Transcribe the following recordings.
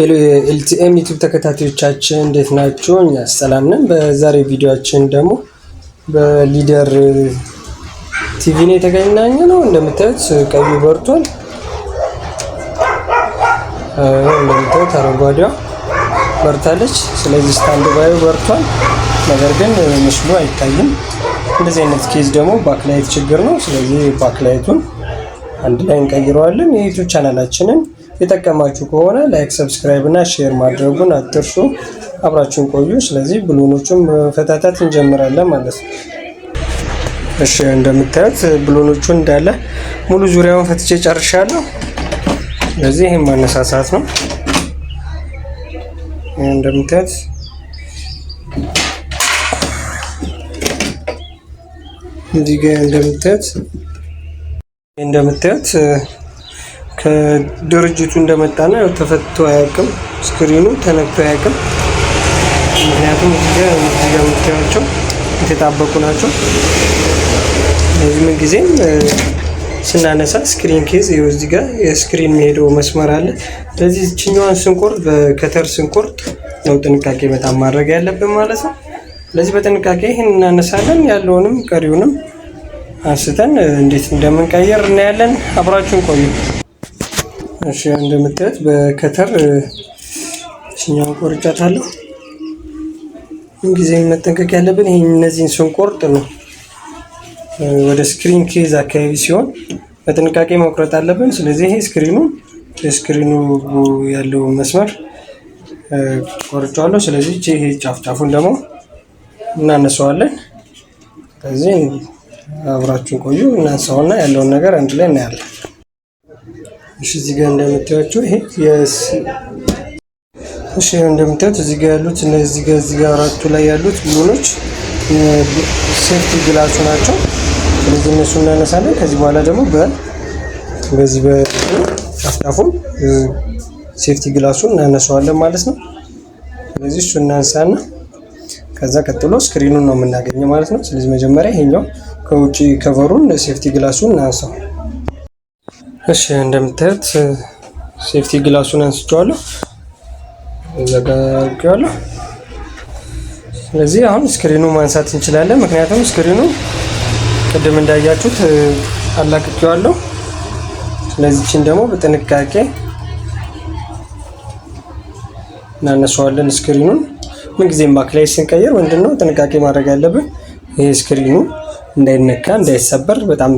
ኤልቲኤም ዩቱብ ተከታታዮቻችን እንዴት ናችሁ? እኛ ሰላም ነን። በዛሬ ቪዲዮችን ደግሞ በሊደር ቲቪ ነው የተገናኘ ነው። እንደምታዩት ቀዩ በርቷል። እንደምታዩት አረንጓዴዋ በርታለች። ስለዚህ ስታንድ ባዩ በርቷል። ነገር ግን ምስሉ አይታይም። እንደዚህ አይነት ኬዝ ደግሞ ባክላይት ችግር ነው። ስለዚህ ባክላይቱን አንድ ላይ እንቀይረዋለን። የዩቱብ ቻናላችንን የጠቀማችሁ ከሆነ ላይክ፣ ሰብስክራይብ እና ሼር ማድረጉን አትርሱ። አብራችሁን ቆዩ። ስለዚህ ብሎኖቹን መፈታታት እንጀምራለን ማለት ነው። እሺ እንደምታዩት ብሎኖቹ እንዳለ ሙሉ ዙሪያውን ፈትቼ ጨርሻለሁ። ስለዚህ ይህም ማነሳሳት ነው። እንደምታዩት እዚህ ጋ እንደምታዩት እንደምታዩት ከድርጅቱ እንደመጣና ያው ተፈቶ አያውቅም። ስክሪኑ ተነክቶ አያውቅም። ምክንያቱም እዚህ የምታያቸው የተጣበቁ ናቸው። ለዚህም ጊዜም ስናነሳ ስክሪን ኬዝ ይኸው እዚህ ጋር የስክሪን የሚሄደው መስመር አለ። ስለዚህ ችኛዋን ስንቆርጥ በከተር ስንቆርጥ ነው ጥንቃቄ በጣም ማድረግ ያለብን ማለት ነው። ስለዚህ በጥንቃቄ ይህን እናነሳለን። ያለውንም ቀሪውንም አንስተን እንዴት እንደምንቀየር እናያለን። አብራችሁን ቆዩ። እሺ እንደምታዩት በከተር እሽኛው ቆርጫታለሁ። ምንጊዜም መጠንቀቅ ያለብን ይሄ እነዚህን ስንቆርጥ ነው። ወደ ስክሪን ኬዝ አካባቢ ሲሆን በጥንቃቄ መቁረጥ አለብን። ስለዚህ ይሄ ስክሪኑ የስክሪኑ ያለው መስመር ቆርጫዋለሁ። ስለዚህ ይሄ ጫፍ ጫፉን ደግሞ እናነሳዋለን። ከዚህ አብራችሁ ቆዩ። እናንሳውና ያለውን ነገር አንድ ላይ እናያለን። እሺ እዚህ ጋር እንደምታያቸው ይሄ የስ እሺ እንደምታዩት እዚህ ጋር ያሉት እነዚህ ጋር እዚህ ጋር አራቱ ላይ ያሉት ብሎኖች ሴፍቲ ግላሱ ናቸው። ስለዚህ እነሱ እናነሳለን። ከዚህ በኋላ ደግሞ በ በዚህ በአፍጣፉን ሴፍቲ ግላሱን እናነሳዋለን ማለት ነው። ስለዚህ እሱ እናንሳና ከዛ ቀጥሎ ስክሪኑን ነው የምናገኘው ማለት ነው። ስለዚህ መጀመሪያ ይሄኛው ከውጭ ከቨሩን ሴፍቲ ግላሱን እናንሳው። እሺ እንደምታዩት ሴፍቲ ግላሱን አንስቼዋለሁ፣ ዘጋጌዋለሁ። ስለዚህ አሁን ስክሪኑ ማንሳት እንችላለን። ምክንያቱም ስክሪኑ ቅድም እንዳያችሁት አላቅቄዋለሁ። ስለዚህችን ደግሞ በጥንቃቄ እናነሳዋለን። ስክሪኑን ምንጊዜም ባክ ላይ ስንቀይር ምንድነው ጥንቃቄ ማድረግ ያለብን? ይሄ ስክሪኑ እንዳይነካ እንዳይሰበር በጣም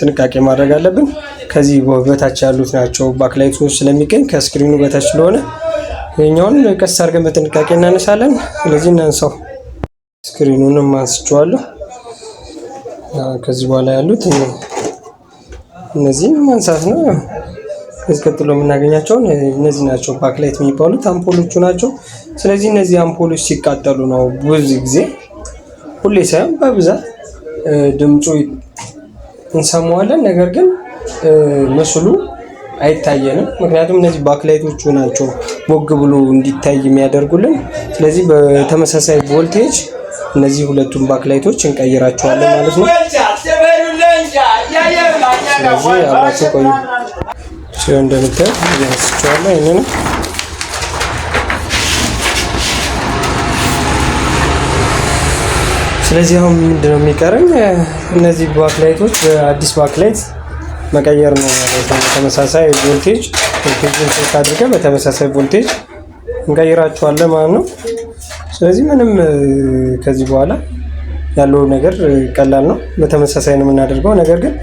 ጥንቃቄ ማድረግ አለብን። ከዚህ በታች ያሉት ናቸው ባክላይቶች ስለሚገኝ ከስክሪኑ በታች ስለሆነ ይህኛውን ቀስ አድርገን በጥንቃቄ እናነሳለን። ስለዚህ እናንሳው። ስክሪኑንም አንስቼዋለሁ። ከዚህ በኋላ ያሉት እነዚህ ማንሳት ነው። ከዚህ ቀጥሎ የምናገኛቸውን እነዚህ ናቸው ባክላይት የሚባሉት አምፖሎቹ ናቸው። ስለዚህ እነዚህ አምፖሎች ሲቃጠሉ ነው ብዙ ጊዜ ሁሌ ሳይሆን በብዛት ድምፁ እንሰማዋለን። ነገር ግን ምስሉ አይታየንም። ምክንያቱም እነዚህ ባክላይቶቹ ናቸው ቦግ ብሎ እንዲታይ የሚያደርጉልን። ስለዚህ በተመሳሳይ ቮልቴጅ እነዚህ ሁለቱን ባክላይቶች እንቀይራቸዋለን ማለት ነው። ስለዚህ አብራቸው ቆዩ ሲሆን እንደምታዩ እያነስቸዋለሁ ይህንንም ስለዚህ አሁን ምንድነው የሚቀረኝ እነዚህ ባክላይቶች በአዲስ ባክላይት መቀየር ነው ማለት ነው። በተመሳሳይ ቮልቴጅ ቮልቴጅን ቼክ አድርገን በተመሳሳይ ቮልቴጅ እንቀይራቸዋለን ማለት ነው። ስለዚህ ምንም ከዚህ በኋላ ያለው ነገር ቀላል ነው። በተመሳሳይ ነው የምናደርገው። ነገር ግን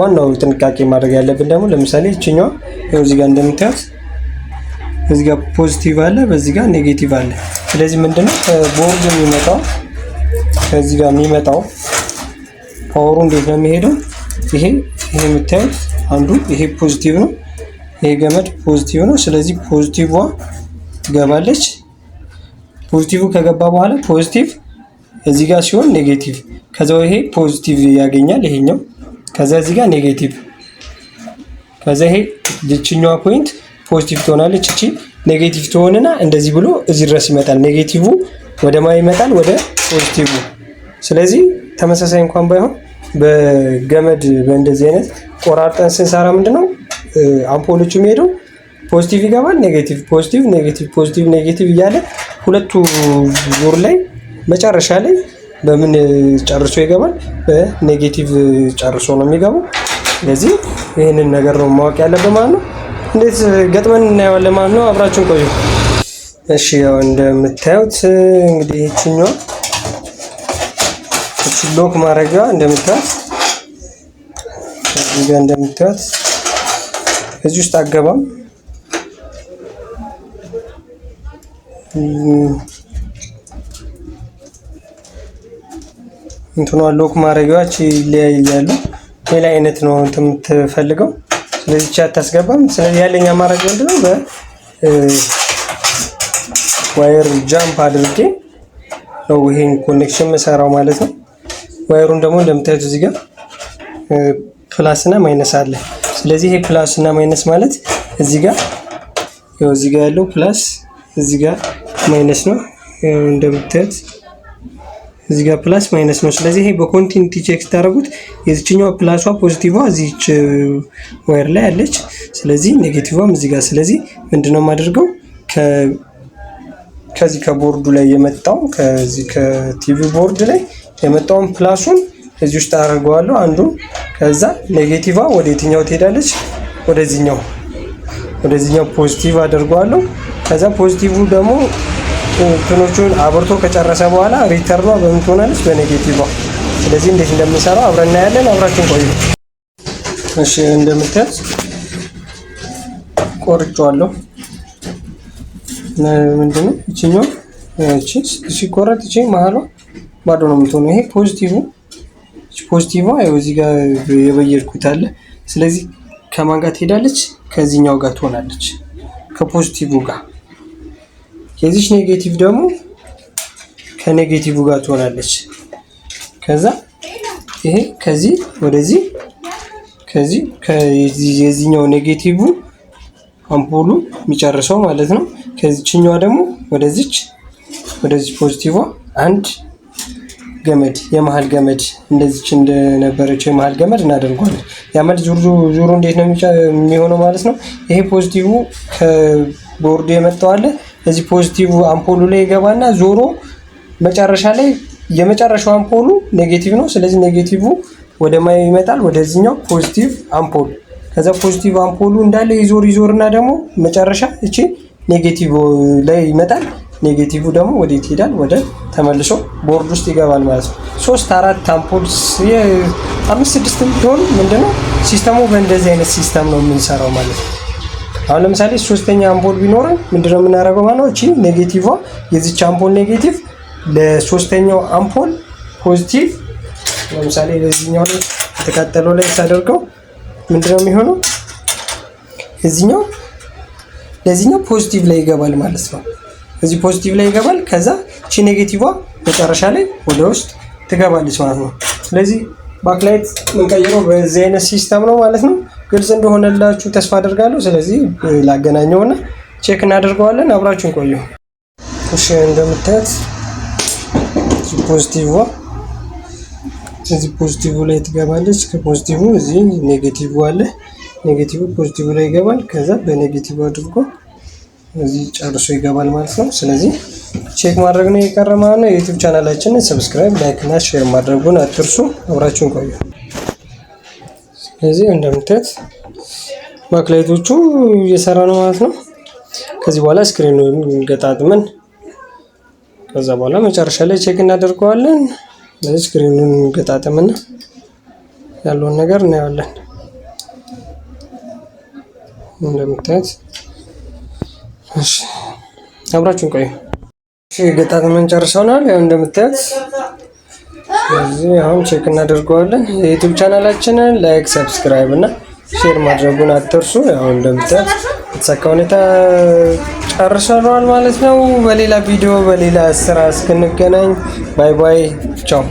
ዋናው ጥንቃቄ ማድረግ ያለብን ደግሞ ለምሳሌ ይችኛዋ ይኸው እዚህ ጋር እንደምታዩት በዚህ ጋር ፖዚቲቭ አለ፣ በዚህ ጋር ኔጌቲቭ አለ። ስለዚህ ምንድነው ከቦርድ የሚመጣው ከዚህ ጋር የሚመጣው ፓወሩ እንዴት ነው የሚሄደው ይሄ ይሄ የምታዩት አንዱ ይሄ ፖዚቲቭ ነው። ይሄ ገመድ ፖዚቲቭ ነው። ስለዚህ ፖዚቲቭዋ ትገባለች። ፖዚቲቭ ከገባ በኋላ ፖዚቲቭ እዚህ ጋር ሲሆን ኔጌቲቭ፣ ከዛው ይሄ ፖዚቲቭ ያገኛል ይሄኛው፣ ከዛ እዚህ ጋር ኔጌቲቭ፣ ከዛ ይሄ ይችኛዋ ፖይንት ፖዚቲቭ ትሆናለች፣ እቺ ኔጌቲቭ ትሆንና እንደዚህ ብሎ እዚህ ድረስ ይመጣል። ኔጌቲቭ ወደ ማ ይመጣል? ወደ ፖዚቲቭ። ስለዚህ ተመሳሳይ እንኳን ባይሆን በገመድ በእንደዚህ አይነት ቆራርጠን ስንሰራ ነው አምፖሎቹ የሚሄደው ፖዚቲቭ ይገባል፣ ኔጌቲቭ ፖዚቲቭ፣ ኔጌቲቭ ፖዚቲቭ፣ ኔጌቲቭ እያለ ሁለቱ ዙር ላይ መጨረሻ ላይ በምን ጨርሶ ይገባል? በኔጌቲቭ ጨርሶ ነው የሚገባው። ስለዚህ ይህንን ነገር ነው ማወቅ ያለብን ማለት ነው። እንዴት ገጥመን እናየዋለን ማለት ነው። አብራችን ቆዩ። እሺ ያው እንደምታዩት እንግዲህ ይችኛዋ ሎክ ማድረጊያ እንደምታዩት እዚህ ጋር እንደምታዩት እዚህ ውስጥ አገባም እንትኗ ሎክ ማድረጊያዎች ይለያያሉ። ሌላ አይነት ነው እንትን የምትፈልገው ስለዚህ ቻት አታስገባም። ስለዚህ ያለኝ አማራጭ ምንድነው በዋየር ጃምፕ አድርጌ ነው ይሄን ኮኔክሽን መሰራው ማለት ነው። ዋይሩን ደግሞ እንደምታዩት እዚህ ጋር ፕላስ እና ማይነስ አለ። ስለዚህ ይሄ ፕላስ እና ማይነስ ማለት እዚህ ጋር ያው እዚህ ጋር ያለው ፕላስ እዚህ ጋር ማይነስ ነው። እንደምታዩት እዚህ ጋር ፕላስ ማይነስ ነው። ስለዚህ ይሄ በኮንቲኒቲ ቼክ ስታደርጉት የዚችኛዋ ፕላሷ ፖዚቲቭዋ እዚች ዋይር ላይ አለች። ስለዚህ ኔጌቲቭዋም እዚህ ጋር። ስለዚህ ምንድነው የማደርገው ከዚህ ከቦርዱ ላይ የመጣው ከዚህ ከቲቪ ቦርድ ላይ የመጣውን ፕላሱን እዚህ ውስጥ አደርገዋለሁ አንዱን። ከዛ ኔጌቲቫ ወደ የትኛው ትሄዳለች? ወደዚህኛው ወደዚህኛው ፖዚቲቭ አደርገዋለሁ። ከዛ ፖዚቲቭ ደግሞ እንትኖቹን አብርቶ ከጨረሰ በኋላ ሪተርኗ በምን ትሆናለች? በኔጌቲቫ። ስለዚህ እንዴት እንደምንሰራው አብረን እናያለን። አብራችን ቆዩ። እሺ እንደምታዩት ቆርጫዋለሁ። ምንድነው ይችኛው? ሲቆረጥ ይች መሀሏ ባዶ ነው የምትሆነው። ይሄ ፖዚቲቭ ፖዚቲቭ ነው። እዚህ ጋር የበየድኩት አለ። ስለዚህ ከማን ጋር ትሄዳለች? ከዚህኛው ጋር ትሆናለች፣ ከፖዚቲቭ ጋር። የዚች ኔጌቲቭ ደግሞ ከኔጌቲቭ ጋር ትሆናለች። ከዛ ይሄ ከዚህ ወደዚህ ከዚህ የዚህኛው ኔጌቲቭ አምፖሉ የሚጨርሰው ማለት ነው። ከዚችኛዋ ደግሞ ወደዚች ወደዚህ ፖዚቲቭ አንድ ገመድ የመሀል ገመድ እንደዚች እንደነበረችው የመሀል ገመድ እናደርጓለን። ያ ማለት ዙሩ እንዴት ነው የሚሆነው ማለት ነው። ይሄ ፖዚቲቭ ከቦርዱ አለ እዚህ ፖዚቲቭ አምፖሉ ላይ ይገባና ዞሮ መጨረሻ ላይ የመጨረሻው አምፖሉ ኔጌቲቭ ነው። ስለዚህ ኔጌቲቭ ወደ ማየው ይመጣል፣ ወደዚህኛው ፖዚቲቭ አምፖል። ከዛ ፖዚቲቭ አምፖሉ እንዳለ ይዞር ይዞርና ደግሞ መጨረሻ እቺ ኔጌቲቭ ላይ ይመጣል። ኔጌቲቭ ደግሞ ወዴት ይሄዳል? ወደ ተመልሶ ቦርድ ውስጥ ይገባል ማለት ነው። ሶስት አራት አምፖል አምስት ስድስት ቢሆን ምንድነው ሲስተሙ በእንደዚህ አይነት ሲስተም ነው የምንሰራው ማለት ነው። አሁን ለምሳሌ ሶስተኛ አምፖል ቢኖረን ምንድነው የምናደርገው ማለት ነው? እቺ ኔጌቲቭዋ የዚች አምፖል ኔጌቲቭ ለሶስተኛው አምፖል ፖዚቲቭ ለምሳሌ ለዚህኛው ላይ የተቃጠለው ላይ ሳደርገው ምንድነው የሚሆነው? እዚህኛው ለዚህኛው ፖዚቲቭ ላይ ይገባል ማለት ነው። እዚህ ፖዚቲቭ ላይ ይገባል። ከዛ ቺ ኔጌቲቭዋ መጨረሻ ላይ ወደ ውስጥ ትገባለች ማለት ነው። ስለዚህ ባክላይት የምንቀይረው በዚህ አይነት ሲስተም ነው ማለት ነው። ግልጽ እንደሆነላችሁ ተስፋ አደርጋለሁ። ስለዚህ ላገናኘውና ቼክ እናደርገዋለን። አብራችሁን ቆዩ። እሺ እንደምታዩት ፖዚቲቭዋ እዚህ ፖዚቲቭ ላይ ትገባለች። ከፖዚቲቭ እዚህ ኔጌቲቭ አለ። ኔጌቲቭ ፖዚቲቭ ላይ ይገባል። ከዛ በኔጌቲቭ አድርጎ እዚህ ጨርሶ ይገባል ማለት ነው። ስለዚህ ቼክ ማድረግ ነው የቀረ ማለት ነው። የዩቲዩብ ቻናላችንን ሰብስክራይብ፣ ላይክ እና ሼር ማድረጉን አትርሱ። አብራችሁን ቆዩ። ስለዚህ እንደምታዩት ባክላይቶቹ እየሰራ ነው ማለት ነው። ከዚህ በኋላ ስክሪኑ ገጣጥመን ከዛ በኋላ መጨረሻ ላይ ቼክ እናደርገዋለን። ስለዚህ ስክሪኑን ገጣጥምና ያለውን ነገር እናየዋለን እንደምታዩት እሺ አብራችሁን ቆዩ። እሺ ገጣጥመን ጨርሰናል። ያው እንደምታዩት እዚህ አሁን ቼክ እናደርገዋለን። የዩቲዩብ ቻናላችንን ላይክ፣ ሰብስክራይብ እና ሼር ማድረጉን አትርሱ። ያው እንደምታዩት የተሳካ ሁኔታ ጨርሰናል ማለት ነው። በሌላ ቪዲዮ በሌላ ስራ እስክንገናኝ ባይ ባይ፣ ቻው።